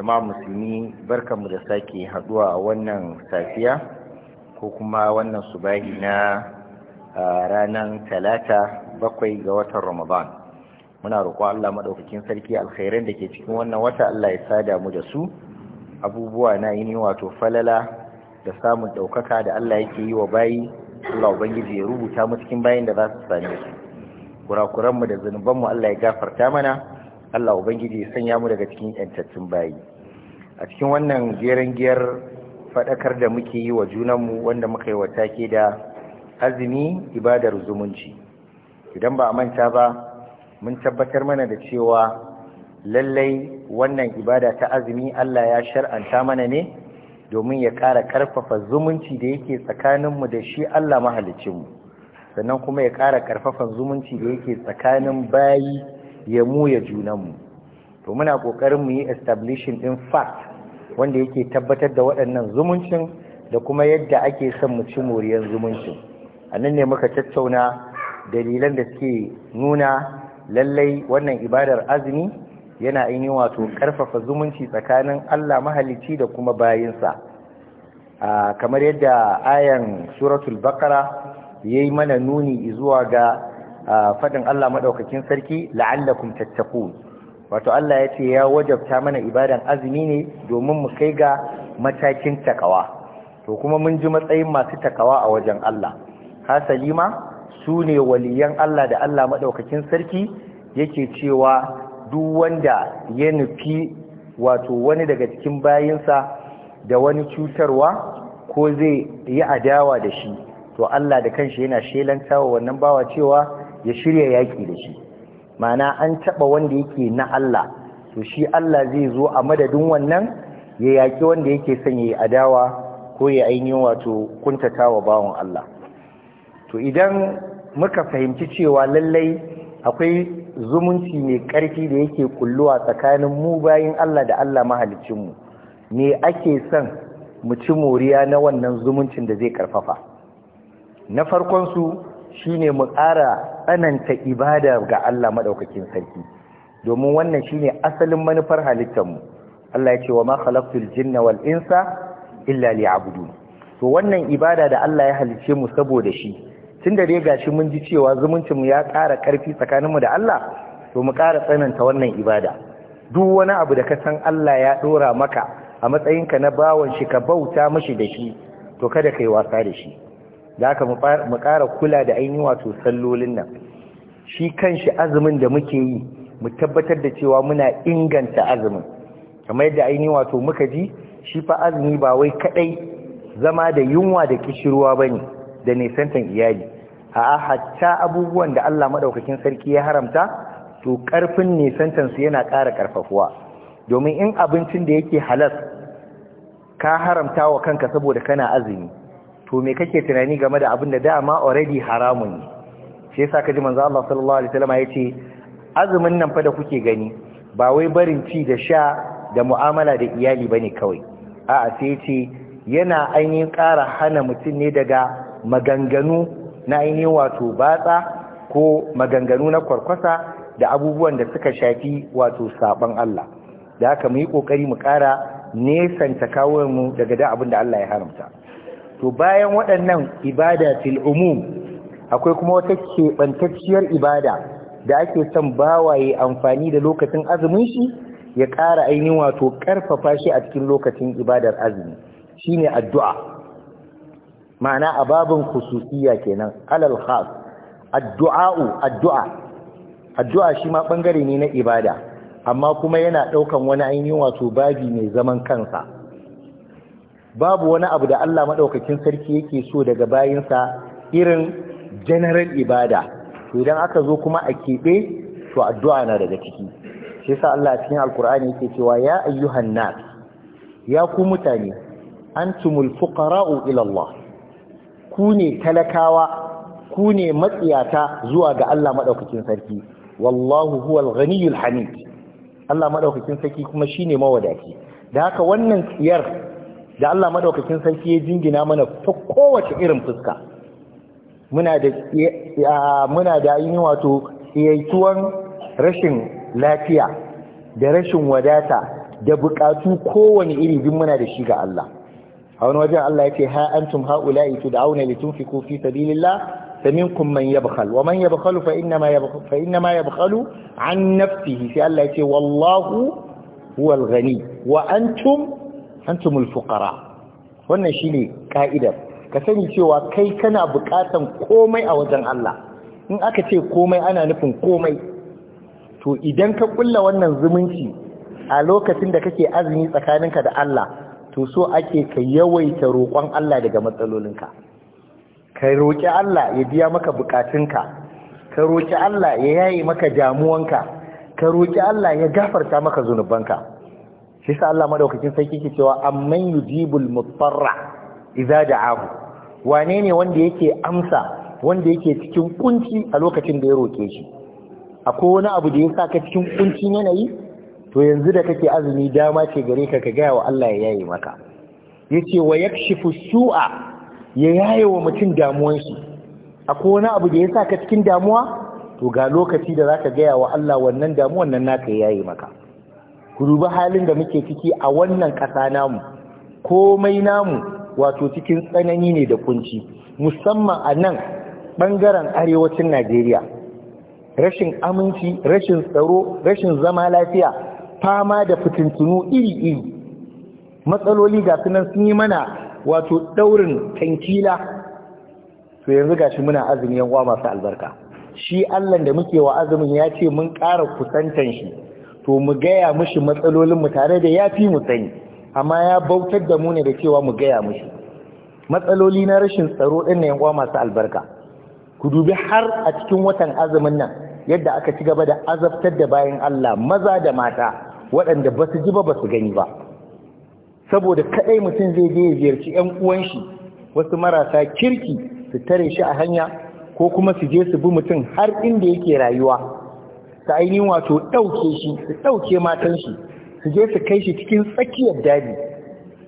jama'a musulmi barkanmu da sake haduwa a wannan safiya ko kuma wannan subahi na ranar talata bakwai ga watan ramadan muna roƙo Allah maɗaukakin sarki alkhairan da ke cikin wannan wata Allah ya sada mu da su abubuwa na yini wato falala da samun ɗaukaka da Allah yake yi wa bayi Allah ubangiji ya rubuta mu cikin bayin da za su same su kurakuranmu da zunubanmu Allah ya gafarta mana Allah Ubangiji ya sanya mu daga cikin ‘yantattun bayi. a cikin wannan jeren giyar faɗakar da muke yi wa junanmu wanda muka yi wa take da azumi ibadar zumunci idan ba a manta ba mun tabbatar mana da cewa lallai wannan ibada ta azumi Allah ya shar'anta mana ne domin ya ƙara ƙarfafa zumunci da yake tsakaninmu da shi Allah mahalicinmu sannan kuma ya ƙara ƙarfafa zumunci da yake tsakanin bayi ya mu ya junanmu to muna ƙoƙarin mu yi establishing in fact wanda yake tabbatar da waɗannan zumuncin da kuma yadda ake son mu ci moriyar zumuncin a nan ne muka tattauna dalilan da suke nuna lallai wannan ibadar azumi yana ainihin wato ƙarfafa zumunci tsakanin Allah mahalicci da kuma bayinsa kamar yadda ayan suratul ya yayi mana nuni zuwa ga faɗin Allah maɗaukakin sarki la'allakum tattakun wato Allah ya ce ya wajabta mana ibadan azumi ne domin mu kai ga matakin takawa to kuma mun ji matsayin masu takawa a wajen Allah hasalima Salima su ne waliyan Allah da Allah madaukakin sarki yake cewa duk wanda ya nufi wato wani daga cikin bayinsa da wani cutarwa ko zai yi adawa da shi to Allah da kanshi yana shelantawa wannan bawa cewa ya shirya yaki da shi Ma'ana an taɓa wanda yake na Allah to shi Allah zai zo a madadin wannan ya yaƙi wanda yake son ya yi adawa ko ya ainihin wato kuntatawa bawon Allah to idan muka fahimci cewa lallai akwai zumunci mai ƙarfi da yake kulluwa tsakanin mu bayin Allah da Allah mahalicinmu me ake son mu ci moriya na wannan zumuncin da zai ƙarfafa na farkon su. shine mu ƙara tsananta ibada ga Allah maɗaukakin sarki domin wannan shine asalin manufar halittarmu. Allah ya ce wa ma khalaqtul jinna wal insa illa liya'budun to wannan ibada da Allah ya halice mu saboda shi tunda dai gashi mun ji cewa zumuncin mu ya ƙara ƙarfi tsakaninmu da Allah to mu ƙara tsananta wannan ibada duk wani abu da ka san Allah ya ɗora maka a matsayinka na bawon shi ka bauta mashi da shi to kada kai wasa da shi da aka mu kula da ainihin wato sallolin nan shi kanshi azumin da muke yi mu tabbatar da cewa muna inganta azumin kamar yadda ainihin wato muka ji shi fa azumi ba wai kadai zama da yunwa da kishirwa bane da nisantan iyali a'a hatta abubuwan da Allah madaukakin sarki ya haramta to karfin nisantan su yana ƙara karfafuwa domin in abincin da yake halas ka haramta wa kanka saboda kana azumi to me kake tunani game da abin da dama already haramun ne shi yasa kaji manzo Allah sallallahu alaihi wasallam yace azumin nan fa da kuke gani ba wai barin ci da sha da mu'amala da iyali bane kawai a'a sai yace yana ainihin ƙara hana mutum ne daga maganganu na ainihin wato batsa ko maganganu na kwarkwasa da abubuwan da suka shafi wato saban Allah da haka mu yi kokari mu ƙara nesanta kawo mu daga da abin da Allah ya haramta to bayan waɗannan ibada fil umum akwai kuma wata keɓantacciyar ibada da ake son bawaye amfani da lokacin azumin shi ya ƙara ainihin wato ƙarfafa shi a cikin lokacin ibadar azumi Shi ne addu'a ma'ana a babin khususiyya kenan alal khas addu'a'u addu'a addu'a shi ma ɓangare ne na ibada amma kuma yana ɗaukan wani ainihin wato babi mai zaman kansa babu wani abu da Allah maɗaukakin sarki yake so daga bayinsa irin general ibada to idan aka zo kuma a keɓe to addu'a na daga ciki shi yasa Allah cikin alkur'ani yake cewa ya ayyuhan nas ya ku mutane antumul fuqara'u ila Allah ku ne talakawa ku ne matsiyata zuwa ga Allah maɗaukakin sarki wallahu huwal ghaniyul hamid Allah maɗaukakin sarki kuma shine mawadaci da haka wannan tsiyar da Allah madaukakin sarki ya jingina mana ta kowace irin fuska muna da muna da wato tsiyaituwan rashin lafiya da rashin wadata da bukatu kowane iri din muna da shi ga Allah a wani wajen Allah ya ce ha antum haula'i tud'auna litunfiqu fi sabilillah فمنكم من يبخل ومن يبخل فإنما يبخل, فإنما يبخل عن نفسه في الله يقول والله هو الغني وأنتم antumul fuqara wannan shine ka'idar ka sani cewa kai kana bukatan komai a wajen Allah in aka ce komai ana nufin komai to idan ka kulla wannan zumunci a lokacin da kake azumi tsakaninka da Allah to so ake ka yawaita roƙon Allah daga matsalolinka ka roƙi Allah ya biya maka bukatunka ka roƙi Allah ya yaye maka damuwanka ka roƙi Allah ya gafarta maka zunubanka shi sa Allah madaukakin sarki ke cewa amman yujibul mutarra idza da'ahu wane ne wanda yake amsa wanda yake cikin kunci a lokacin da ya roke shi akwai wani abu da ya saka cikin kuncin yanayi to yanzu da kake azumi dama ce gare ka ka gaya wa Allah ya yaye maka yace wa yakshifu su'a ya yaye wa mutum damuwan shi akwai wani abu da ya saka cikin damuwa to ga lokaci da zaka gaya wa Allah wannan damuwan nan naka yayi maka ku halin da muke ciki a wannan ƙasa namu komai namu wato cikin tsanani ne da kunci musamman a nan ɓangaren arewacin najeriya rashin aminci rashin tsaro rashin zama lafiya fama da fitintunu iri-iri matsaloli ga sunan sun yi mana wato ɗaurin tankila to yanzu gashi muna azumin yan masu albarka shi allah da muke wa azumin ya ce mun ƙara kusantan shi to mu gaya mishi matsalolinmu tare da ya fi mu sani amma ya bautar da mu ne da cewa mu gaya mishi matsaloli na rashin tsaro ɗin na yankwa masu albarka ku dubi har a cikin watan azumin nan yadda aka ci gaba da azabtar da bayan Allah maza da mata waɗanda ba su ji ba ba su gani ba saboda kaɗai mutum zai je ya ziyarci 'yan uwan shi wasu marasa kirki su tare shi a hanya ko kuma su je su bi mutum har inda yake rayuwa ta ainihin wato ɗauke shi su ɗauke matansu su je su kai shi cikin tsakiyar daji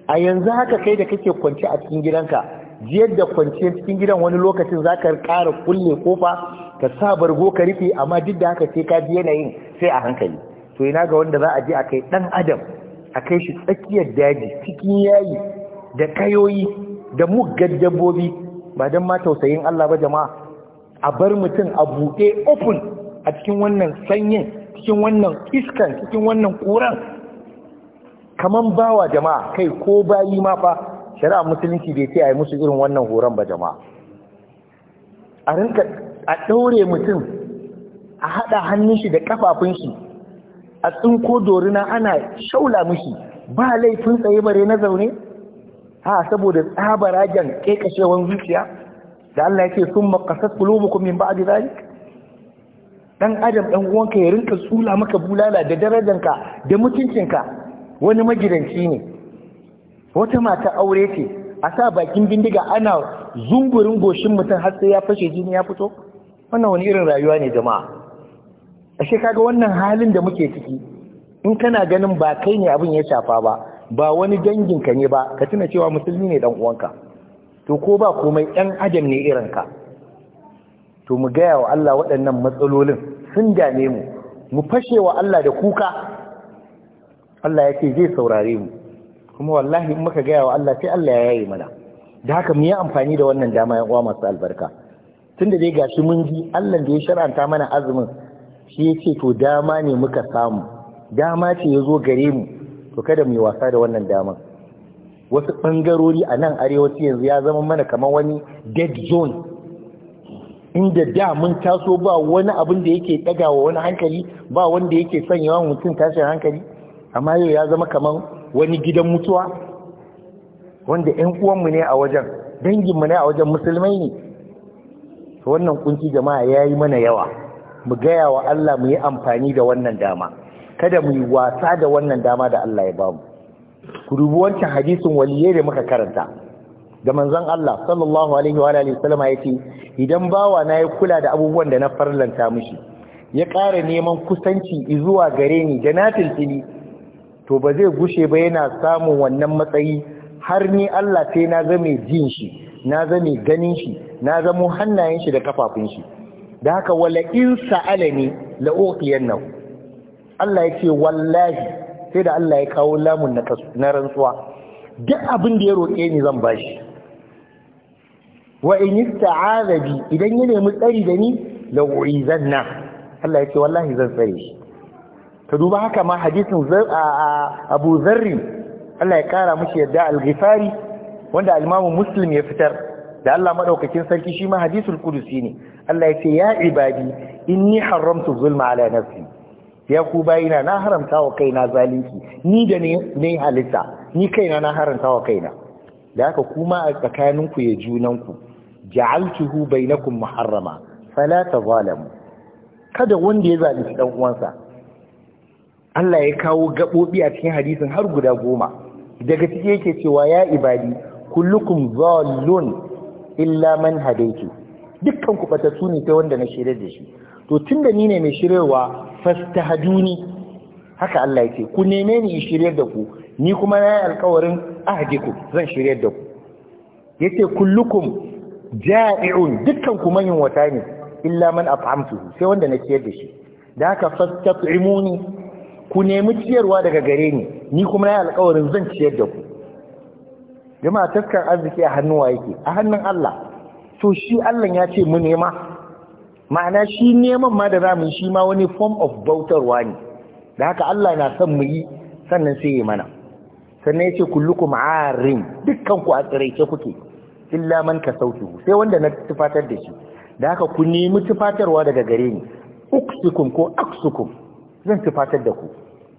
a yanzu haka kai da kake kwance a cikin gidanka jiyar da kwanci cikin gidan wani lokacin za ka ƙara kulle kofa ka sa bargo ka rufe amma duk da haka sai ka ji yanayin sai a hankali to ina ga wanda za a je a kai ɗan adam a kai shi tsakiyar daji cikin yayi da kayoyi da muggan dabbobi ba don ma tausayin Allah ba jama'a a bar mutum a buɗe open a cikin wannan sanyin cikin wannan iskan cikin wannan ƙuran kaman wa jama'a kai ko bayi ma fa shari'a musulunci bai ce a yi musu irin wannan horon ba jama'a a rinka a ɗaure mutum a haɗa hannun shi da ƙafafun shi a tsinko dorina ana shaula mishi ba laifin tsaye bare na zaune ha saboda tsabaragen ƙeƙashewan zuciya da Allah ya ce sun makasar kulubukun min ba'di zalik dan adam ɗan uwanka ya rinka tsula maka bulala da darajanka da mutuncinka wani magidanci ne wata mata aure ce a sa bakin bindiga ana zungurin goshin mutum har sai ya fashe jini ya fito wannan wani irin rayuwa ne jama'a ashe kaga wannan halin da muke ciki in kana ganin ba kai ne abin ya shafa ba ba wani danginka ne ba ka tuna cewa musulmi ne dan uwanka to ko ba komai dan adam ne irinka to mu gaya wa Allah waɗannan matsalolin sun dame mu mu fashe wa Allah da kuka Allah ya ce zai saurare mu kuma wallahi in muka gaya wa Allah sai Allah ya yayi mana da haka mu yi amfani da wannan dama ya uwa masu albarka tunda dai gashi mun ji Allah da ya shar'anta mana azumin shi ya ce to dama ne muka samu dama ce ya zo gare mu to kada mu yi wasa da wannan daman wasu ɓangarori a nan arewaci yanzu ya zama mana kamar wani dead zone inda da mun taso ba wani abin da yake daga wa wani hankali ba wanda yake sanya wa mutum tashin hankali amma yau ya zama kamar wani gidan mutuwa wanda ƴan uwanmu ne a wajen danginmu ne a wajen musulmai ne wannan kunci jama'a ya yi mana yawa mu gaya wa Allah mu yi amfani da wannan dama kada mu yi wasa da wannan dama da Allah ya bamu ku dubi wancan hadisin waliye da muka karanta ga manzon Allah sallallahu alaihi wa alihi yace idan bawa na ya kula da abubuwan da na farlanta mishi ya ƙara neman kusanci zuwa gare ni da na tilfili to ba zai gushe ba yana samun wannan matsayi har ni Allah sai na zame jin shi na zame ganin shi na zamo hannayen shi da kafafun shi da haka wala in sa'alani la uqiyannahu Allah yace wallahi sai da Allah ya kawo lamun na rantsuwa duk abin da ya roƙe ni zan bashi wa in ista'aza bi idan ya nemi tsari da ni la uizanna Allah ya ce wallahi zan tsare shi ka duba haka ma hadisin Abu Zarri Allah ya kara mishi yadda al-Ghifari wanda al-Imam Muslim ya fitar da Allah madaukakin sarki shi ma hadisul qudusi ne Allah ya ce ya ibadi inni haramtu zulma ala nafsi ya ku bayina na haramta wa kaina zalunci ni da ne halitta ni kaina na haramta wa kaina da haka kuma a tsakaninku ya junanku ja'altuhu bainakum muharrama fala tazalamu kada wanda ya zalunci dan uwansa Allah ya kawo gabobi a cikin hadisin har guda goma daga ciki yake cewa ya ibadi kullukum zallun illa man hadaitu dukkan ku batattu ne sai wanda na shirye da shi to tunda ni ne mai shiryarwa fastahaduni haka Allah yake ku neme ni shiryar da ku ni kuma na yi alkawarin ahdiku zan shiryar da ku yace kullukum ja'i'un dukkan ku manyan wata ne illa man at'amtuhu sai wanda na ciyar da shi da haka fastat'imuni ku nemi ciyarwa daga gare ni ni kuma na yi alkawarin zan ciyar da ku a taskar arziki a hannuwa yake a hannun Allah to shi Allah ya ce mu nema ma'ana shi neman ma da ramin shi ma wani form of bautarwa ne da haka Allah na son mu yi sannan sai yi mana sannan ya ce kullukum arin dukkan ku a tsiraice kuke illa man kasautu sai wanda na tufatar da shi da haka ku nemi tufatarwa daga gare ni uksukum ko aksukum zan tufatar da ku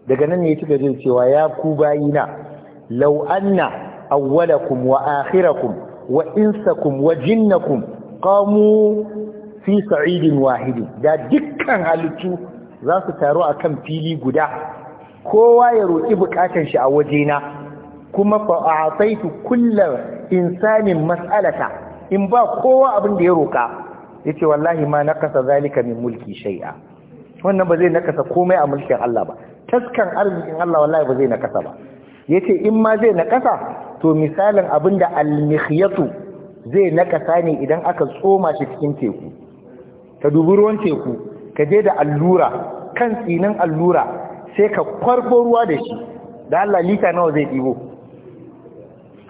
daga nan ne ya cika zai cewa ya ku bayina law anna awwalakum wa akhirakum wa insakum wa jinnakum qamu fi sa'idin wahidin da dukkan halittu za su taru kan fili guda kowa ya roki bukatar shi a wajena kuma fa a'taitu insanin mas'alata in ba kowa abin da ya roka yace wallahi ma nakasa zalika min mulki shay'a wannan ba zai nakasa komai a mulkin Allah ba taskan arzikin Allah wallahi ba zai nakasa ba yace in ma zai nakasa to misalin abinda al-mikhyatu zai nakasa ne idan aka tsoma shi cikin teku ka dubi ruwan teku ka je da allura kan tsinin allura sai ka kwarbo ruwa da shi da Allah lita nawa zai ɗibo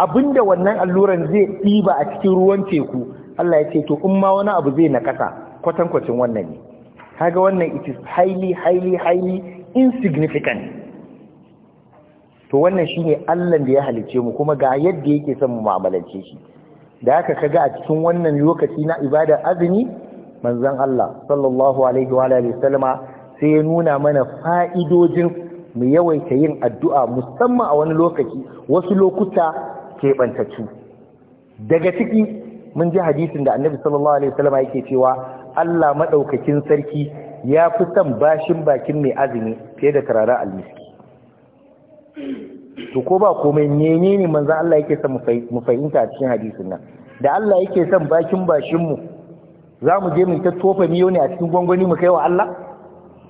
Abin da wannan alluran zai ɗiba a cikin ruwan teku Allah ya ce to in ma wani abu zai na ƙasa kwatankwacin wannan ne kaga wannan it is highly highly highly insignificant to wannan shine Allah da ya halice mu kuma ga yadda yake son mu mamalace shi da haka kaga a cikin wannan lokaci na ibadar azumi manzon Allah sallallahu alaihi wa alihi sallama sai ya nuna mana fa'idojin mu yawaita yin addu'a musamman a wani lokaci wasu lokuta keɓantattu daga ciki mun ji hadisin da annabi sallallahu alaihi wasallam yake cewa Allah madaukakin sarki ya fi son bashin bakin mai azumi fiye da tarara almiski to ko ba komai menene ne manzo Allah yake son mu fahimta a cikin hadisin nan da Allah yake son bakin bashin mu za mu je mu ta tofa miyo ne a cikin gwangwani mu kai wa Allah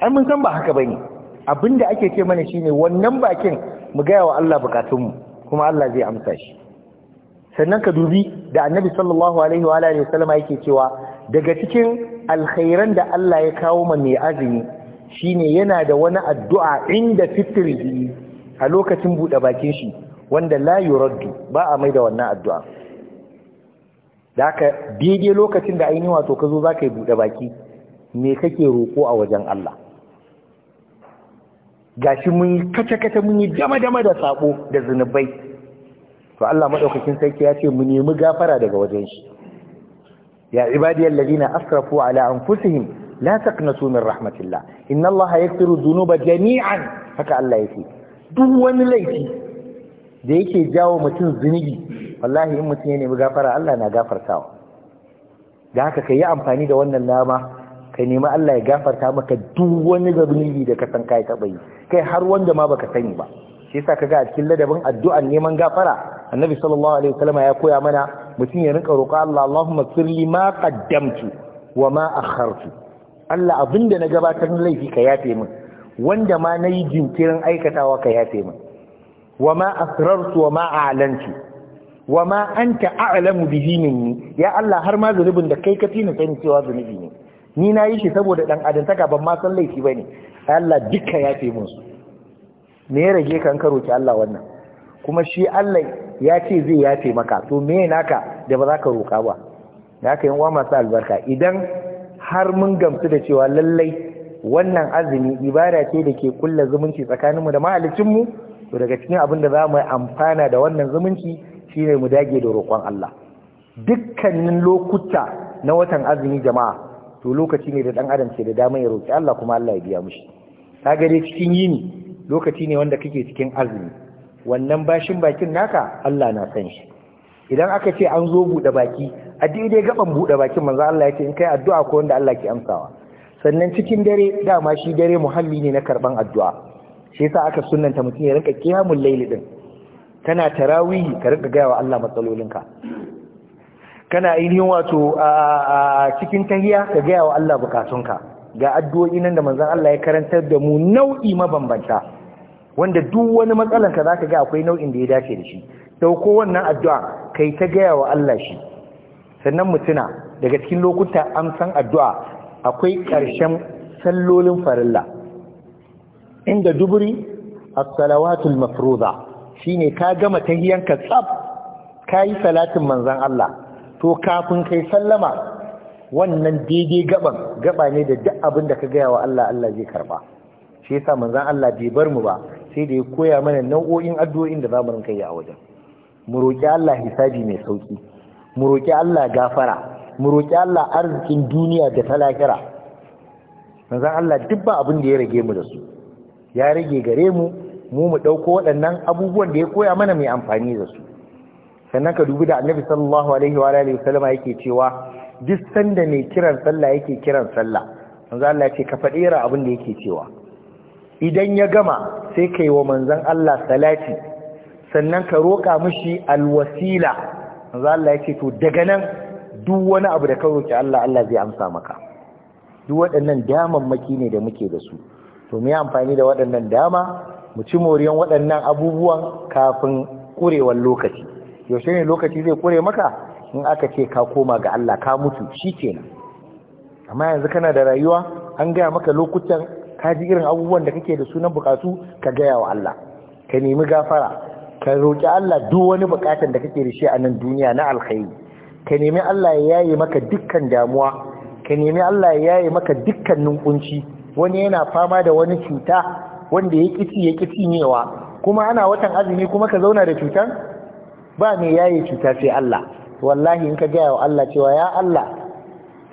ai mun san ba haka bane abinda ake ce mana shine wannan bakin mu ga wa Allah bukatun mu kuma Allah zai amsa shi sannan ka dubi da annabi sallallahu alaihi wa alihi wasallama yake cewa daga cikin alkhairan da Allah ya kawo ma mai azumi shine yana da wani addu'a inda fitri a lokacin bude bakin shi wanda la yuraddu ba a mai da wannan addu'a da ka daidai lokacin da ainihin wato ka zo za ka yi buɗe baki me kake roko a wajen Allah gashi mun yi kace-kace mun yi dama-dama da sako da zunubai to Allah madaukakin sarki ya ce mu nemi gafara daga wajen shi ya ibadiyal ladina asrafu ala anfusihim la taqnatu min rahmatillah inna Allah yaghfiru dhunuba jami'an haka Allah yake duk wani laifi da yake jawo mutum zunubi wallahi in mutum ya nemi gafara Allah na gafartawa da haka kai yi amfani da wannan nama ka nemi Allah ya gafarta maka duk wani zunubi da ka san kai taba yi kai har wanda ma baka sani ba shi yasa kaga a cikin ladabin addu'an neman gafara annabi sallallahu alaihi wasallam ya koya mana mutum ya rinka roƙa Allah Allahumma firli ma qaddamtu wa ma akhartu Allah abinda na gabatar na laifi ka yafe min wanda ma nayi jinkirin aikatawa ka yafe min wa ma asrartu wa ma a'lantu wa ma anta a'lamu bihi minni ya Allah har ma zunubin da kai ka fi ni sani cewa zunubi ne ni na yi shi saboda dan adantaka ban ma san laifi bane Allah dukka yafe min su me ya rage kan karo ki Allah wannan kuma shi Allah ya ce zai yafe maka to me naka da ba za ka roƙa ba da ka yi wa masu albarka idan har mun gamsu da cewa lallai wannan azumi ibada ce da ke kulla zumunci tsakaninmu da mahalicinmu to daga cikin abin da za mu yi amfana da wannan zumunci shine mu dage da roƙon Allah dukkanin lokuta na watan azumi jama'a to lokaci ne da dan adam ke da dama ya roƙi Allah kuma Allah ya biya mushi ka gare cikin yini lokaci ne wanda kake cikin azumi wannan bashin bakin naka Allah na san shi idan aka ce an zo buɗe baki a daidai gaban buɗe bakin manzo Allah ya in kai addu'a ko wanda Allah ke amsawa sannan cikin dare dama shi dare muhalli ne na karban addu'a shi yasa aka sunnanta mutum ya rinka kiyamul layli din kana tarawihi ka rinka gaya wa Allah matsalolinka kana ainihin wato a cikin tahiya ka gaya wa Allah bukatunka ga addu'o'i nan da manzo Allah ya karantar da mu nau'i mabambanta wanda duk wani matsalan ka ka ga akwai nau'in da ya dace da shi dauko wannan addu'a kai ta gaya wa Allah shi sannan mutuna, daga cikin lokuta amsan addu'a akwai ƙarshen sallolin farilla inda duburi as-salawatul mafruza shine ka gama tahiyanka tsaf kai salatin manzon Allah to kafin kai sallama wannan daidai gaban gaba ne da duk abin da ka gaya wa Allah Allah zai karba shi yasa manzon Allah bai bar mu ba sai da ya koya mana nau'o'in addu'o'in da zamu rinka yi a wajen mu roki Allah hisabi mai sauki mu roki Allah gafara mu roki Allah arzikin duniya da ta lahira manzon Allah duk ba abin da ya rage mu da su ya rage gare mu mu mu dauko waɗannan abubuwan da ya koya mana mai amfani da su sannan ka dubi da Annabi sallallahu alaihi wa alihi wasallama yake cewa duk sanda mai kiran sallah yake kiran sallah manzo Allah ya ce ka faɗi abin da yake cewa idan ya gama sai ka yi wa manzan Allah salati sannan ka roƙa mishi alwasila manzon Allah yake to daga nan duk wani abu da ka roƙi Allah Allah zai amsa maka duk waɗannan damammaki ne da muke da su to mu yi amfani da waɗannan dama mu ci moriyan waɗannan abubuwan kafin kurewar lokaci yaushe ne lokaci zai kure maka in aka ce ka koma ga Allah ka mutu shi kenan amma yanzu kana da rayuwa an gaya maka lokutan ka ji irin abubuwan da kake da sunan bukatu ka gaya wa Allah ka nemi gafara ka roƙi Allah duk wani bukatan da kake da shi a nan duniya na alkhairi ka nemi Allah ya yaye maka dukkan damuwa ka nemi Allah ya yaye maka dukkan nunkunci wani yana fama da wani cuta wanda ya kici ya kici newa kuma ana watan azumi kuma ka zauna da cutan ba mai yaye cuta sai Allah wallahi in ka gaya wa Allah cewa ya Allah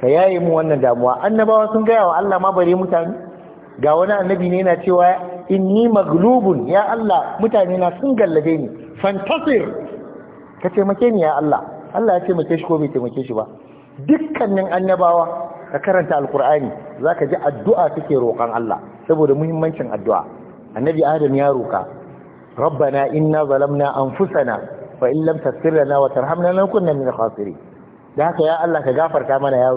ka yaye mu wannan damuwa annabawa sun gaya wa Allah ma bare mutane ga wani annabi ne yana cewa inni maglubun ya Allah mutane na sun gallabe ni fantasir ka taimake ni ya Allah Allah ya taimake shi ko bai taimake shi ba dukkanin annabawa ka karanta alkur'ani zaka ji addu'a take roƙan Allah saboda muhimmancin addu'a annabi adam ya roƙa rabbana inna zalamna anfusana fa in lam taghfir lana wa tarhamna lanakunanna minal khasirin da haka ya Allah ka gafarta mana ya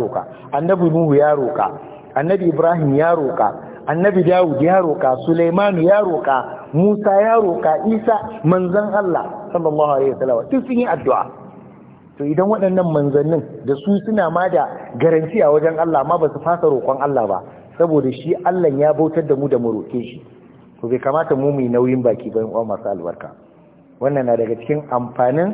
annabi nuhu ya roƙa annabi ibrahim ya roƙa annabi dawud ya roƙa sulaimanu ya roƙa musa ya roƙa isa manzan allah sallallahu alaihi wasallam duk sun yi addu'a to idan waɗannan manzannin da su suna ma da garanti a wajen allah ma ba su fasa roƙon allah ba saboda shi allah ya bautar da mu da mu roƙe shi to bai kamata mu mu nauyin baki ba in masu albarka wannan na daga cikin amfanin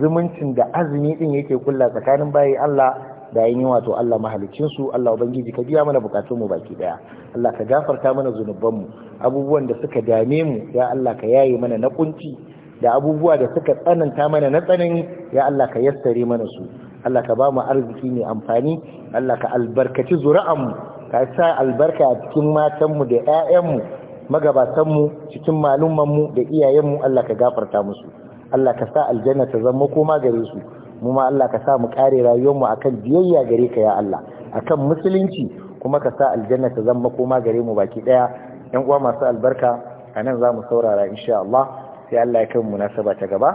zumuncin da azumi din yake kulla tsakanin bayi allah da yin wato Allah mahalicin su Allah ubangiji ka biya mana bukatun mu baki daya Allah ka gafarta mana zunuban mu abubuwan da suka dame mu ya Allah ka yaye mana na kunci da abubuwa da suka tsananta mana na tsanani ya Allah ka yassare mana su Allah ka ba mu arziki mai amfani Allah ka albarkaci zuri'anmu ka sa albarka a cikin matanmu da mu magabatan mu cikin mu da iyayenmu Allah ka gafarta musu Allah ka sa aljanna ta zama koma gare su mu ma Allah ka sa mu kare rayuwar mu akan biyayya gare ka ya Allah akan musulunci kuma ka sa aljanna ta zama koma gare mu baki daya ɗan uwa masu albarka anan zamu saurara insha Allah sai Allah ya kai mu munasaba ta gaba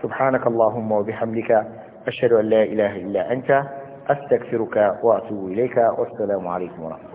subhanakallahumma wa bihamdika ashhadu an la ilaha illa anta astaghfiruka wa atubu ilayka wassalamu alaikum wa